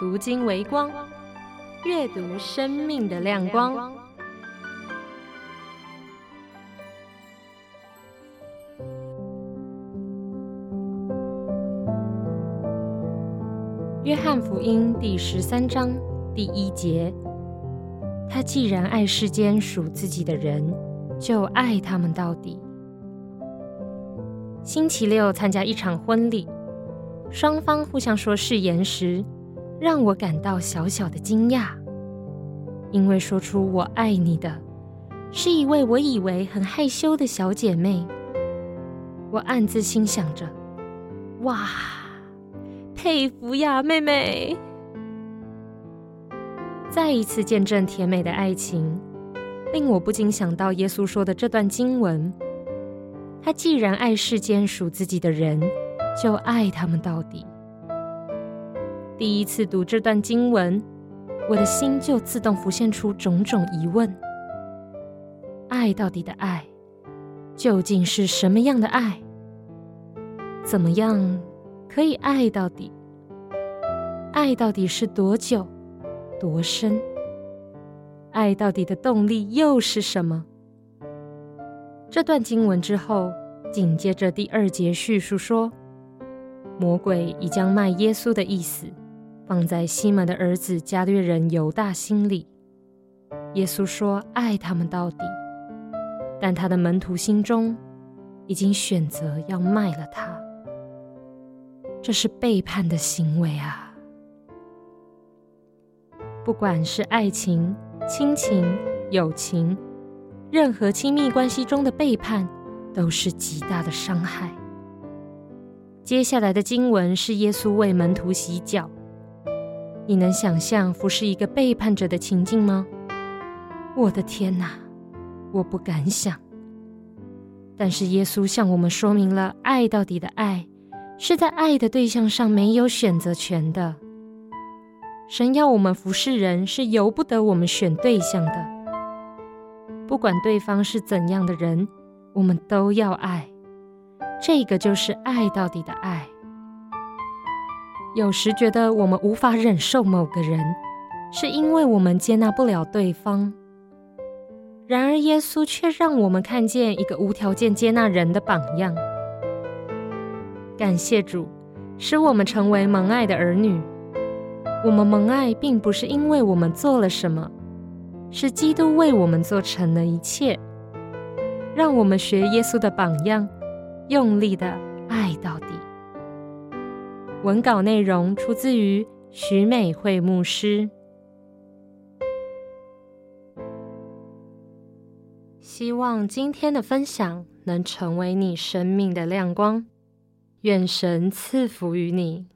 讀經微光，閱讀生命的亮光。約翰福音第十三章第一節：他既然愛世間屬自己的人，就愛他們到底。星期六參加一場婚禮，雙方互相說誓言時。讓我感到小小的驚訝，因為說出“我愛你”的是一位我以為很害羞的小姐妹。我暗自心想着：“哇，佩服呀，妹妹！”再一次見證甜美的愛情，令我不禁想到耶穌說的這段經文：“他既然愛世間屬自己的人，就愛他們到底。”第一次讀這段經文，我的心就自動浮現出種種疑問：愛到底的愛，究竟是什麼樣的愛？怎麼樣可以愛到底？愛到底是多久、多深？愛到底的動力又是什麼？這段經文之後，緊接着第二節敘述說，魔鬼已將賣耶穌的意思。放在西門的兒子加略人猶大心裡。耶穌說：“愛他們到底。”但他的門徒心中已經選擇要賣了他。這是背叛的行為啊！不管是愛情、親情、友情，任何親密關係中的背叛，都是極大的傷害。接下來的經文是耶穌為門徒洗腳。你能想象服侍一個背叛者的情境嗎？我的天哪、啊，我不敢想。但是耶穌向我們說明了愛到底的愛，是在愛的對象上沒有選擇權的。神要我們服侍人，是由不得我們選對象的。不管對方是怎樣的人，我們都要愛。這個就是愛到底的愛。有時覺得我們無法忍受某個人，是因為我們接納不了對方。然而，耶穌卻讓我們看見一個無條件接納人的榜樣。感謝主，使我們成為蒙愛的兒女。我們蒙愛，並不是因為我們做了什麼，是基督為我們做成的一切。讓我們學耶穌的榜樣，用力的愛到底。文稿內容出自於許美惠牧師。希望今天的分享能成為你生命的亮光，願神賜福於你。